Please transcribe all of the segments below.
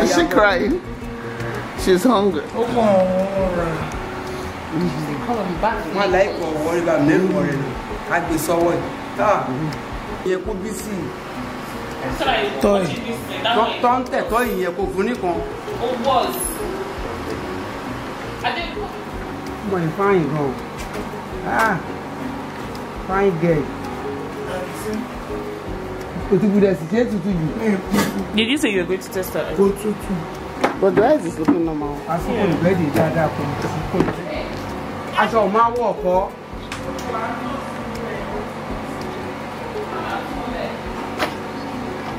Is she crying she's hungry. ó kàn án rẹ̀. wọ́n láì kọ̀ wọ́n rí bá ká gbé sọ́wọ́ yìí tá ìyẹn kó bí sí tọ́yì tọ́ ń tẹ̀ tọ́yì ìyẹn kó fún nìkan. ó bọ̀ sí. adékun. mọ̀ ní fáyìn gan-an ah, fáyìn gẹ̀ẹ́. Otubu does it get to you? Did you say you were going to test her? Go to But the rice is looking normal. I saw the bread is that that from the food. I saw my work.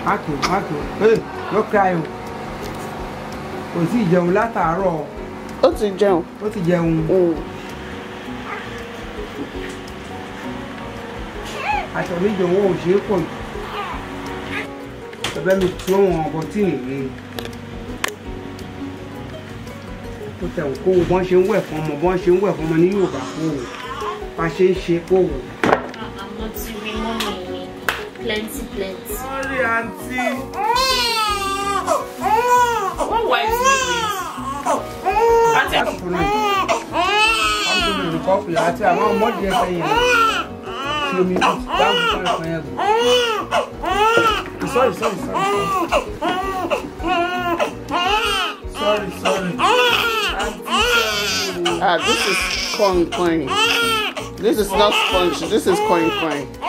mákì mákì yóò cry o kò sí ìjẹun látàárọ̀. ó ti jẹun. ó ti jẹun. Mm. aṣọ mi jẹ owó òṣèré pọ̀ jù ẹ̀bẹ̀ mi tí ó wọn ọkọ̀ tí ìrè tó tẹ̀wọ̀ kó wo bọ́n ṣe ń wẹ̀ fún ọmọ bọ́n ṣe ń wẹ̀ fún ọmọ ní Yorùbá kó wò bá ṣe ń ṣe kó wò. plenty, plenty. Sorry, auntie. What wife is it? Auntie, Auntie, àwọn ọmọdé ẹsẹ yẹn ṣe omi kù báwo fún ẹsẹ yẹn gùn. Sorry, sorry, sorry. Sorry, sorry. Ah, this is coin coin. This is not sponge. This is coin coin.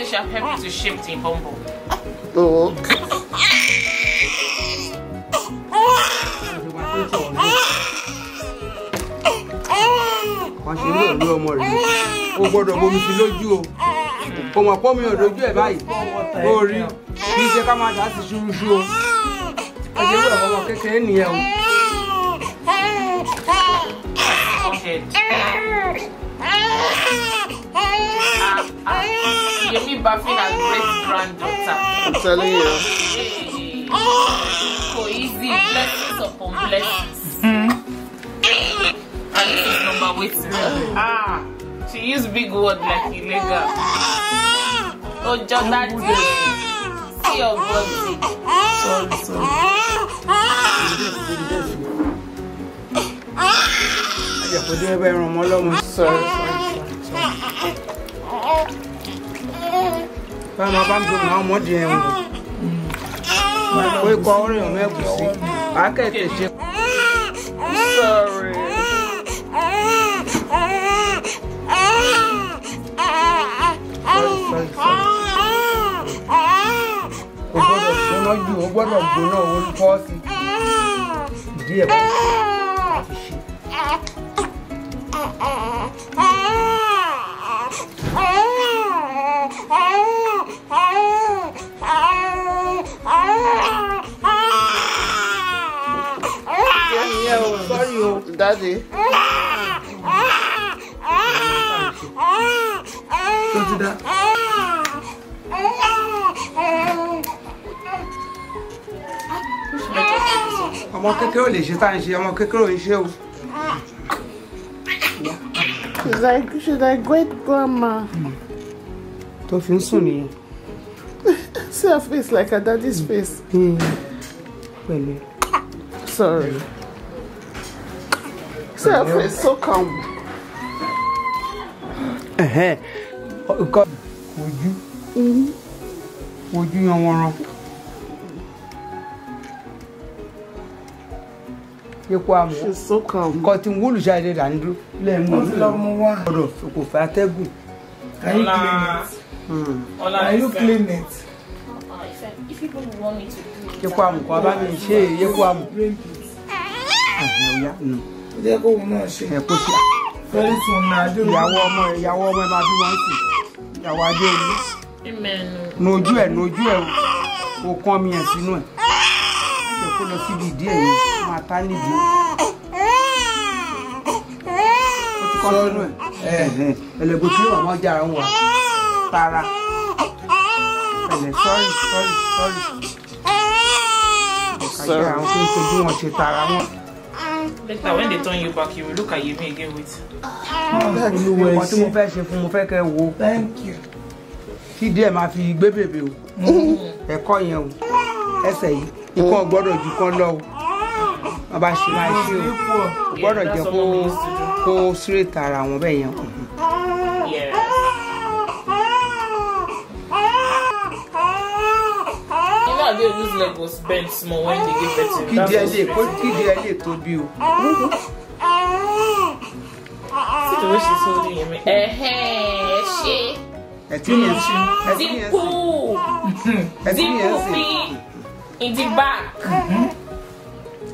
it shall help you to bumble. Oh. wàṣẹ ní ọmọ rẹ o gbọ́dọ̀ bomi sí lójú o ọmọ pọ mi ò dojú ẹ báyìí o rí kì í ká máa dá sí ṣúrúṣú o ọjọ́ ìwé ọmọ kékeré nìyẹn o. Ah, Yemi Buffin as great granddaughter. I'm telling you. Hey. So easy, blessings upon blessings. Hmm? And this is number waiting. Ah, she use big word like illegal. Oh, Jordan, oh, see your body. Sorry, sorry. Àjàpọ̀ Sorry, sorry. káàmá bá ń gbé wọn ọmọdé ẹ̀ wò ó ikọ̀ ọ̀rẹ́ ọ̀mọ ẹ̀gúsí akẹ́kẹ̀ẹ́ ṣe. sorry. kò gbọ́dọ̀ gbóná jù ó gbọ́dọ̀ gbóná orúkọ sí ìdí ẹ̀ bá ti ṣe. Daddy. Don't do that. eu kékeré tá gente A ṣe ọmọ kékeré ò like she's like great grandma. tó fi ń face like a daddy's face. sorry. Self is mm-hmm. so calm. Nǹkan ojú ojú yan wọn ran. Epo amọ̀ nǹkan tí wọ́n olùṣàdé là ń dúró lẹ́ẹ̀mú ọ̀dọ̀ kò fẹ́ atẹ́gùn. Can you clean it? Hmm. Can you clean it? If people want me to do it. you amọ̀ kò bá mi ṣe é epo amọ̀. Àgbẹ̀ ọ̀yá nù jẹ́ kó òun náà ṣe. ẹ̀kọ́ ṣe very soon na adé òun. ìyàwó ọmọ ìyàwó ọmọ ẹ máa bí wọn sí ìyàwó adé òun. nojú ẹ nojú ẹ o kàn mi ẹ sínú ẹ jẹ kó lọ síbi ìdí ẹ yìí máa tá nídìí o ti kọ́ sínú ẹ eh. ẹlẹ́gbẹ́ tí yóò máa jára ń wà tara ẹ̀lẹ́ sọ́rí sọ́rí sọ́rí ọ̀kadà àwọn tó ń ṣe bí ṣe tara wọn later when they turn you back you will look at you again with. olúwo ẹ ṣe tí mo fẹ́ ṣe fún mo fẹ́ kẹ́ wo you. díẹ̀ máa fi gbé bèbè o mm-hmm. ẹ̀kọ́ you. o ẹsẹ̀ yìí ikán gbọ́dọ̀ jù kán you. o bàbá ṣe máa ṣe o gbọ́dọ̀ you. kó kó sírètà ara wọn bẹ́ẹ̀ yẹn kù. whose leg was bent small when they gave birth to him. Kídìí ẹ lè kídìí ẹ lè tóbi o. See the way she's holding him. Ẹ̀hẹ́n ṣe. Ẹ̀tí yẹn ṣe. Dínkù. Dínkù bí in the back.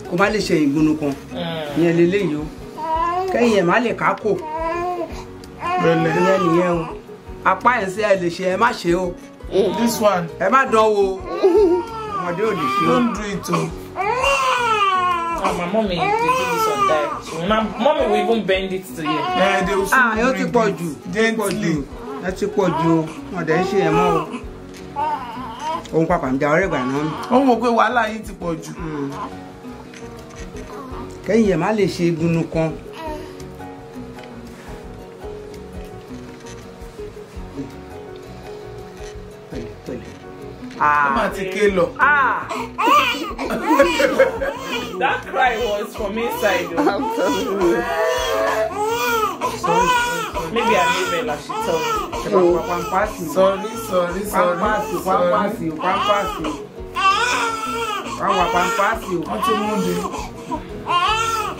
Kò má lè ṣe ìgbónú kan. Mm. Ìyẹn lélẹ́yìí o. Kẹ́yìn ẹ̀ má lè kákò. Ìyẹn nìyẹn o. Apá ẹ̀ ń ṣe ẹ lè ṣe ẹ má ṣe o. This one. Ẹ má dán wo ọmọdé ò lè ṣe o. do it o. Oh, ah, my mommy dey do this on time. my mommy will even bend it to you. Yeah, they will ah, ó ti pọ̀ jù. Gently. Ó ti pọ̀ jù o. Wọ́n dẹ̀ ń ṣe ẹ̀ mọ́ o. Òun pàpà ń da ọ̀rẹ́ ìgbà náà. Ó mọ̀ pé wàhálà yìí ti pọ̀ jù. Kẹ́yìn ẹ̀ má lè ṣe egungun kan. Come and take that cry was from inside. Maybe I made it like she told me. Oh. Sorry, sorry, sorry. Pampasi, pampasi, pampasi. Rawa pampasi. Wọ́n ti mú mi.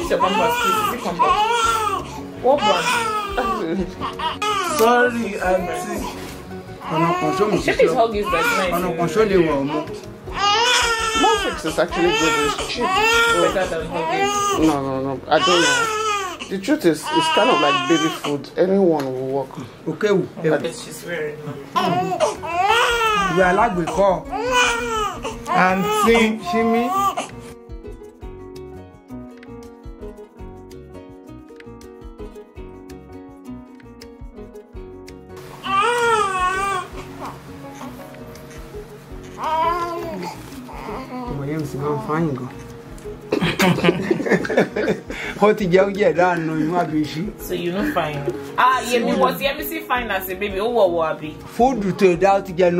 Ṣé pampasi sí pampasi? What brand? Sorry, auntie ọ̀nà kan ṣó mi sísọ ọ̀nà kan ṣó is actually good. It's cheap. no, no, no. I don't know. The truth is, it's kind of like baby food. Anyone will work. Okay. Yeah, she's wearing We are like we call. And sing, shimmy. sì máa ń fáyìn gan. ó ti jẹ́ oúnjẹ dáànù inú àbíṣí. so you not fine. ah yeah, yemi was yemi see fine as a baby Oh, ó wọ̀wọ̀ àbí. fúdù tó dá ó ti jẹ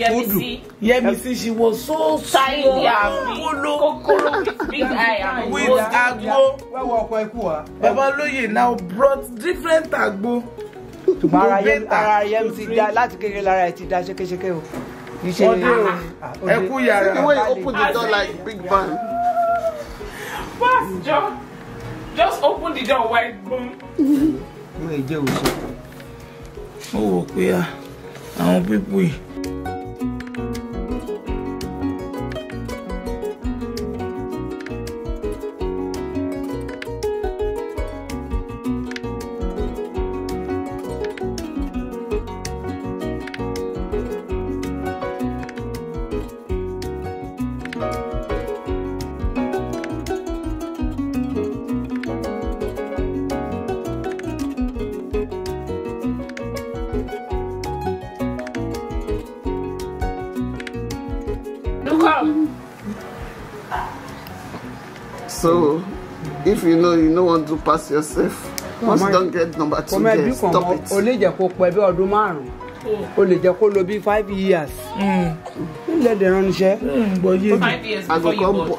Yeah, me see she was so tiny, kòkòrò with big eye and with agbo. Where were Kwekua? Baba Loye now brought different agbo. Ṣùgbọ́n ara Yemisi dá láti kékeré lára ẹ̀ ti dá ṣékéṣéké o. You say, Ekuyara. The way you open the door like big bang. Pass, John. Just open the door wide, boom. Wait, Joe. Oh, yeah. Àwọn pípú yìí. So, if you know you no want to pass yourself, once you don get number two there, stop it. O lè jẹ́ kó pẹ́ bí ọdún márùn-ún, hmm. o lè jẹ́ kó lò bí five years. Ilé hmm. ẹ̀dẹ̀ rán iṣẹ́. Hmm,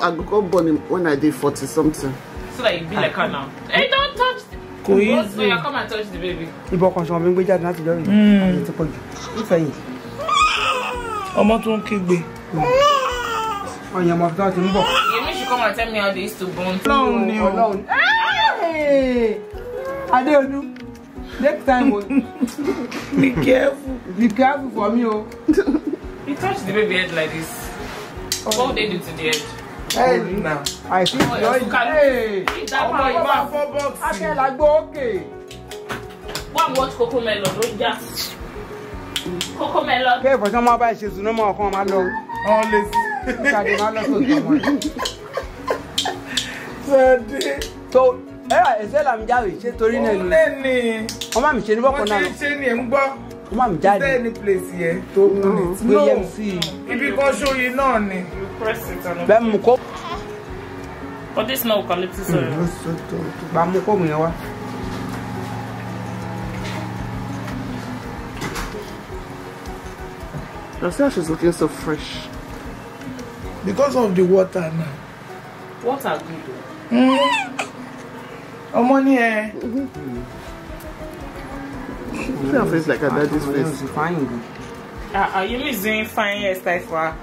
Agoko born him when I dey forty something. So that you be like her now. Hey, don't touch the kò yí ṣe come and touch the baby. Ibọ̀ kan ṣe wọn fi ń gbé jáde láti lọ́rùn. Àyè ti pọ̀ jù. Ìfẹ̀yìn. Ọmọ tó ń kígbe. Mm ọyàn mọ̀ tó ti ń you mean she come and tell me how they used to born. ọlọ́run ni o ọlọ́run adéolú next time o be careful be careful for me oh. you touch the baby head like this oh. what would they do to the head. Hey, now. I see oh, you're in. Hey, ọmọ ìbá fọ́ bọ́ọ̀sì. Akẹ́làgbọ́ òkè. Wọ́n mú ọtí kókó mẹ́lọ̀ ló já. melon. Okay, for some sọ́mọ́ bá ṣe sùn náà mọ́ ọkàn máa lọ. Ọ̀lẹ́sì. Ṣadé máa lọ́tò tó mọ̀ rẹ̀. Ṣadé. Tó ẹ ra ẹsẹ̀ là ń jáwé ṣé torí náà ni. Olé ni. Wọ́n máa mi ṣe ní bọ́kọ̀ náà. Wọ́n ti ṣe ni ẹ̀ ń gbọ́. Wọ́n máa mi jáde. Ṣé ẹni pèsè yẹn tó Ibi kan ṣóyi náà ni. Bẹ́ẹ̀ mú kó. But this no eucalyptus oil. Mm, Bá mú kó mu yẹn wá. Your is looking so fresh because of the water now. water good o. Hmm? ọmọ ní ẹ. see her face like a daddy's face. ah ah you missing fine hairstyle for her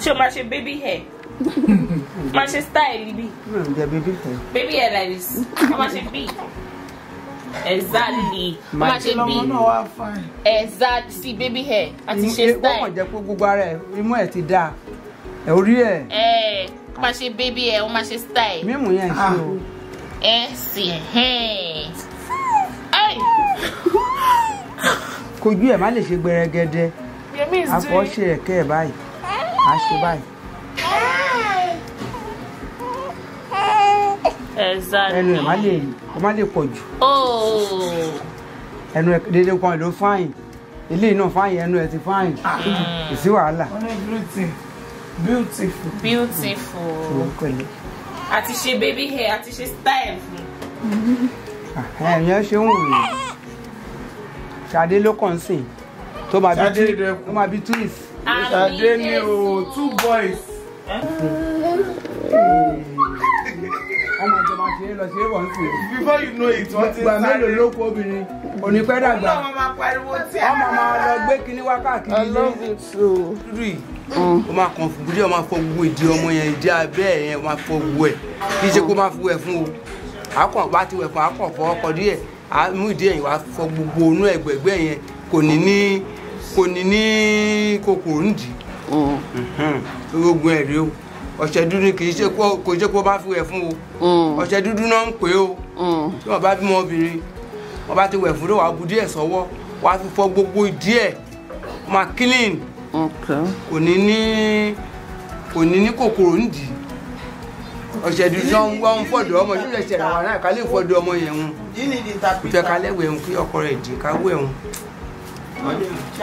ṣé o máa baby hair. máa ṣe style bi. baby hair. baby hair like this. How much it be? exactly o ma ṣe bi exactly see baby hair àti ṣe style. wọ́n kàn jẹ́ pé gbogbo ara ẹ̀ imú ẹ̀ ẹ orí ẹ. ẹ ó máa ṣe bébí ẹ ó máa ṣe style. mímú yẹn ṣe o. Ah. ẹ sì kojú ẹ má lè ṣe gbẹrẹgẹdẹ àpò ṣe ẹkẹ ẹ báyìí á ṣe báyìí. ẹnu ẹ má lè kó má lè pọ̀ jù. Oh. ẹnu ẹ dédé kan ló fáyìn eléyìí náà fáyìn ẹnu ẹ ti fáyìn ah. kò sí wàhálà beautiful beautiful Ati ṣe baby hair ati ṣe style fún. ẹ̀yẹ́ ṣe ń wù mí ṣàdé ló kàn sí tó máa bí twins. ṣàdé ni o two boys. Mm -hmm ṣeré lọ ṣeré bọ̀ ń before you know it wọ́n ti sáré. gbà mélòó ló kó obìnrin òní dàgbà. ọmọ máa lọ gbé kinní wákàkiri. I love you too. Three. yìí o máa kàn fún bídíọ̀ máa fọ gbogbo ìdí ọmọ yẹn ìdí abẹ́ yẹn o máa fọ gbogbo ẹ̀ kí ṣe kó máa fọ ẹ̀ fún o àkàn bá ti wẹ̀ fún àkàn fọ ọkọ díẹ̀ àmú ìdí ẹ̀yìn wàá fọ gbogbo inú ẹ̀gbẹ̀gbẹ̀ yẹn kò ní ní kò ní ní kòkòrò nídìí. ogun mm. ẹ̀rí o ọṣẹ dúdú kì í ṣe kó jẹ́ kó bá fi wẹ̀ fún o mm. ọṣẹ dúdú náà ń pè o mm. tí wọ́n bá bímọ obìnrin wọ́n bá ti wẹ̀ fún wàá bu díẹ̀ sọ́wọ́ wàá fi fọ gbogbo díẹ̀ máa clean kò ní ní kò ní ní kòkòrò nídìí ọṣẹ dúdú náà wọ́n ń fọ̀dọ̀ ọmọ yìí lè ṣẹlẹ̀ wà náà ká lè ọmọ yẹn wọn tẹ ká lẹ́wẹ̀ẹ́ wọn kí ọkọ rẹ̀ dì ká wẹ̀ wọn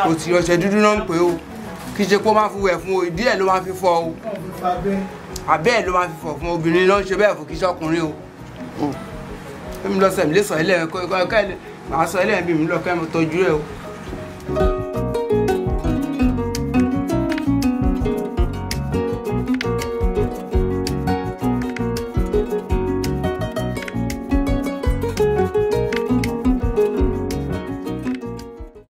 kò sí ọṣẹ dúdú náà ń pè o kì í ṣe pé ó máa fi wẹ̀ fún o ìdí ẹ̀ ló máa fi fọ o abẹ́ ẹ̀ ló máa fi fọ fún obìnrin ló ń ṣe bẹ́ẹ̀ fún kì í ṣọkùnrin o èmi lọ sẹ̀mí lè sọ ilé ẹ̀ kọ́ ẹ̀kọ́ ẹ̀ máa sọ ilé ẹ̀ bí mi lọ kẹ́ tọ́jú ẹ̀ o.